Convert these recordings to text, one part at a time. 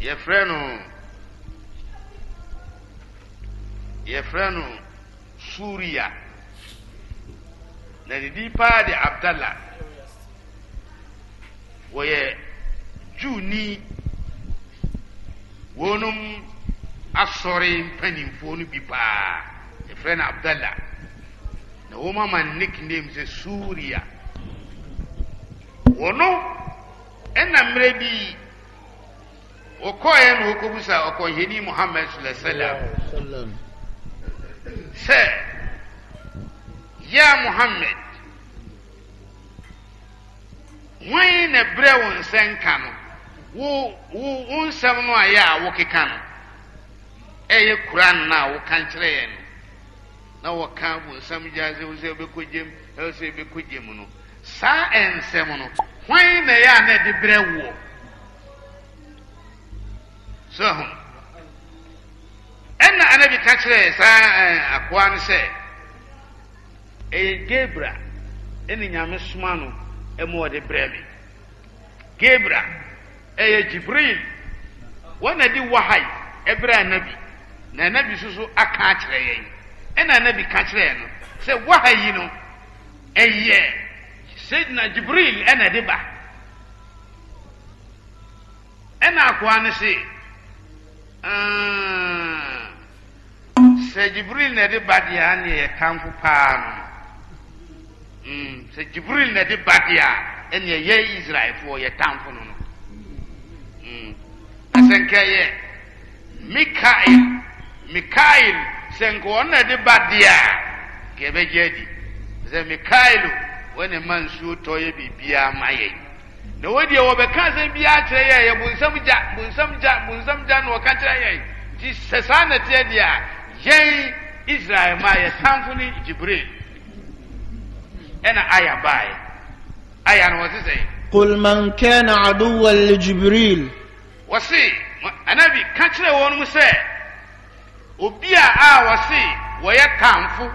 yɛfrɛ no yɛfrɛ no suria na ne din paa de abdalla wɔyɛ juuni wɔnom asɔre mpanimfoɔ no bi paa yɛfrɛ no abdalla na wɔn ama nickname sɛ suria wɔno ɛna mmerɛ bi wɔkɔɔyɛ no wɔkɔbusa ɔkɔhyɛni muhammad sala salam sɛ ya muhammad hwan na no wo wo wo nsɛm no a yɛ a no ɛyɛ no a nkyerɛ yɛ no na wɔka wo nsɛm gya sɛ sɛ wobɛkɔ gyem ɛwɔ sɛ gyem no saa no na na ɛde sɛho ɛnna anabi ka kyerɛ saa akoa no sɛ ɛyɛ gebra ɛne nyame soma no ɛma ɔde brɛ me gebra ɛyɛ gibril wɔna de wahai ɛbrɛ anabi na anabi nso so aka akyerɛ yɛn ɛna anabi ka kyerɛ no sɛ wahai no ɛyɛ sɛdina gibril ɛna de ba ɛna akoa no se Hmm. sɛ jibril na ɛde ba deɛ a ne yɛ paa no hmm. sɛ jibril na ɛde ba deɛ a ɛneɛ yɛ israelfoɔ yɛ tamfo no no ɛsɛ hmm. mikael mikael sɛ nka wɔn na ɛde ba deɛ a nka ɛbɛgye adi sɛ mikael wɔn ma nsuo tɔ yɛ biribiara ma yɛn na wɔdeɛ wɔbɛka asɛm biara kyerɛ yɛ yɛ bonsam gya bonsam gya bonsam gya na wɔka kyerɛ yɛ nti sɛ saa na teɛ deɛ a yɛn israel ma yɛ samfo ne jibril ɛna aya baeɛ aya no wɔte sɛ قل من كان عدوا لجبريل وسي anabi بي kyerɛ wɔn mu وبيا obi a ويا wɔse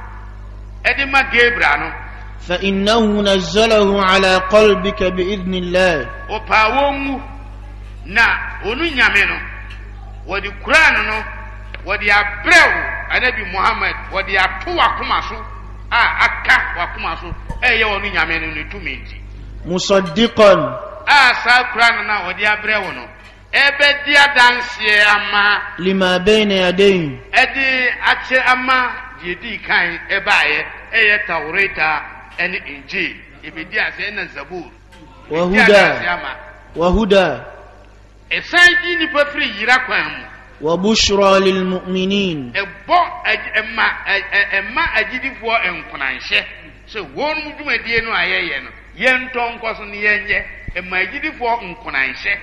wɔyɛ ما جبرانو فإنه نزله على قلبك بإذن الله وباومو نا أنو نيامينو ودي قرآن نو ودي أبرو النبي محمد ودي أتو وكماسو آه أكا وكماسو أي أنو نيامينو نتومينتي مصدقا آه سا قرآن نا ودي أبرو نو ɛbɛdi adanseɛ ama. lima bɛyi na yadeyi. ɛdi ama deɛ di kan ɛbaayɛ ɛyɛ tawureta ɛne injil ebedi ase ɛna zabur wahuda wahuda ɛsan gyi nipa firi yira kwan mu wabushra lilmuminin ɛbɔ ɛma ɛma agyidifoɔ nkonanhyɛ sɛ wɔn mu dwumadie no a yɛyɛ no yɛntɔ nkɔ so ne yɛnyɛ ɛma agyidifoɔ nkonanhyɛ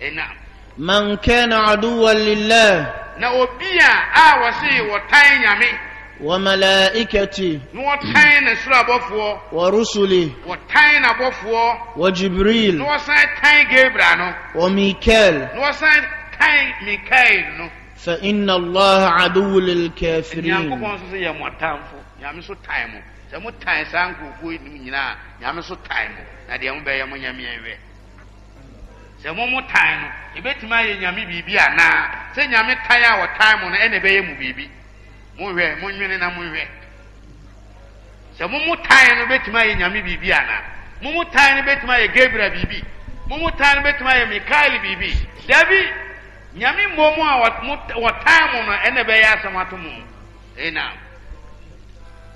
ɛnam man kana aduwan lillah na obi a a wɔse wɔtan nyame وملائكتي نوتاين نسرا بوفو ورسلي وتاين ابوفو وجبريل نوسان تاين جبرانو وميكال نوسان تاين ميكال نو فإن الله عدو للكافرين نيانكوبون سو يا موتانفو نيامي سو تايمو sɛ motan saa nkurɔfoɔ nim nyinaa nyame so tan mo na deɛ mobɛyɛ mo nyame ɛwɛ sɛ mo mo tan no ɛbɛtumi ayɛ nyame biribi anaa sɛ nyame tan a wɔtan mo no ɛna ɛbɛyɛ mu biribi monhwɛ monwene na monhwɛ sɛ momo tae no bɛtumi ayɛ nyame biribi anaa momo tae no bɛtumi ayɛ gabriel biribi momo tae no bɛtumi ayɛ mikael biribi dabi nyame mmom a wɔtae mo no ɛna ɛbɛyɛ asɛm ato mo ɛnam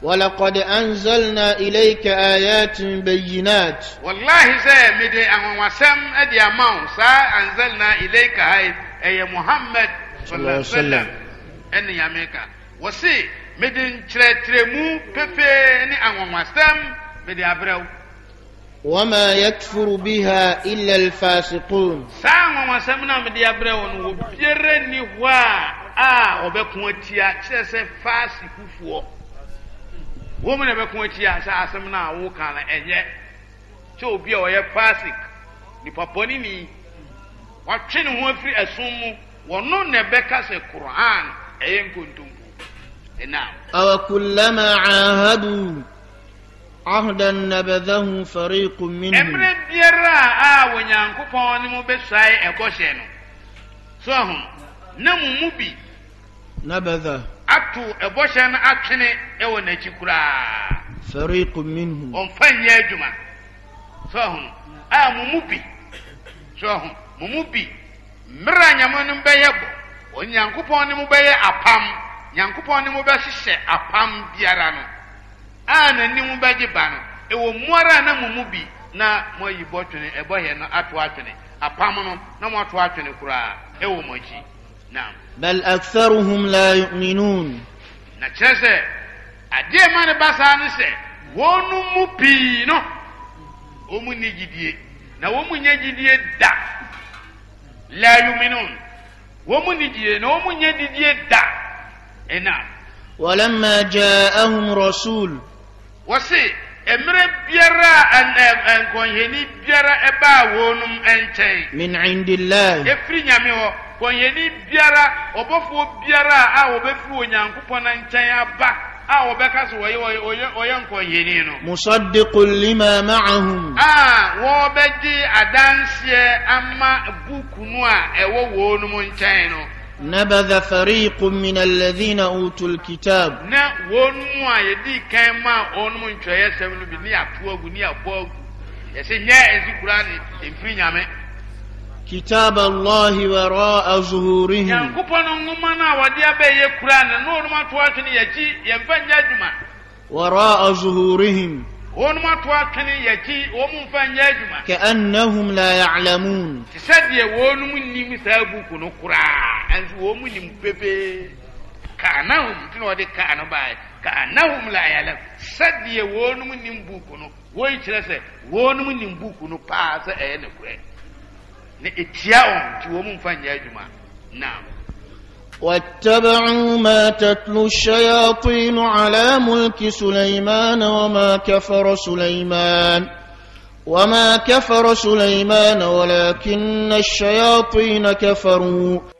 ولقد أنزلنا إليك آيات بينات والله سي مدي أن وسم أدي أمام سا أنزلنا إليك هاي أي محمد صلى الله عليه وسلم أن يميكا wɔsi mede nkyerɛkyerɛmu pepee ne anwanwasɛm mede abrɛw wama yakfuru biha illa alfasiqun saa anwanwasɛm na mede abrɛw no obiara nni hɔ a a ɔbɛko atia kyerɛ sɛ fasikufoɔ wɔn mu na ɛbɛko atia sɛ asɛm no a woka no kyɛ obi a ɔyɛ fasik nipa bɔne ni watwe ne ho afiri ɛsom mu wɔno na ɛbɛka sɛ koran ɛyɛ nkontompo أو كلما عاهدوا عهدا نبذه فريق منهم أمر بيرا آو نيانكو فون مبساي أكوشينو سوهم نمو مبي نبذه أتو أبوشان أتني أو نجيكرا فريق منهم أم يا جماعة سوهم آ ممبي سوهم ممبي مرا نيامو بو ونيانكو فون مبيبو أبام nyankopɔn ne mobɛhyehyɛ apam biara no a n'anim bɛgye ba no ɛwɔ mu ara na mo mu bi na moayi bɔtwene ɛbɔhɛ no ato atwene apam no na moato atwene koraa ɛwɔ mo akyi naam bal aktharuhum la yuminun na kyerɛ sɛ adeɛ ma ne ba ne sɛ wɔn mu pii no wɔn mu ni gyidie na wɔn mu nyɛ gyidie da la yuminun wɔn mu ni gyidie na wɔn mu nyɛ gyidie da E na'am. Walamma ja'ahum rasul. Wasi emre biara an an konheni biara eba wonum enkyɛn. Min indillahi. Efiri nyame hɔ konheni biara ɔbɔfoɔ biara a wɔbɛfiri onyankopɔn na nkyɛn aba a wɔbɛka so wɔyɛ wɔyɛ wɔyɛ nkɔnheni no. Musaddiqul lima ma'ahum. A wɔbɛgye adanseɛ ama buku no a ɛwɔ wɔnum nkyɛn no. نبذ فريق من الذين أوتوا الكتاب نا ونوا يدي كما ونوا نتوية سمنو بني أبوغ ني أبوغ يسي نيا إزي قرآن إمفري نعمة كتاب الله وراء ظهورهم ينكوبا نغمانا ودي أبي يقرآن نور ما تواتني يجي ينفن يجمع وراء ظهورهم wɔn mu ato atwene yɛkyi wɔn mu nfa nyɛ adwuma. kɛ annahum la yaclamun. te sɛ deɛ wɔn mu nim saa buku no koraa nso wɔn mu nim pepee ka anahum ti na wɔde ka ano baa ka anahum la yaclam sɛ deɛ wɔn mu nim buku no wɔn kyerɛ sɛ wɔn mu nim buku no paa sɛ ɛyɛ ne korɛ ne etia wɔn ti wɔn mu nfa nyɛ adwuma naam. واتبعوا ما تتلو الشياطين على ملك سليمان وما كفر سليمان وما كفر سليمان ولكن الشياطين كفروا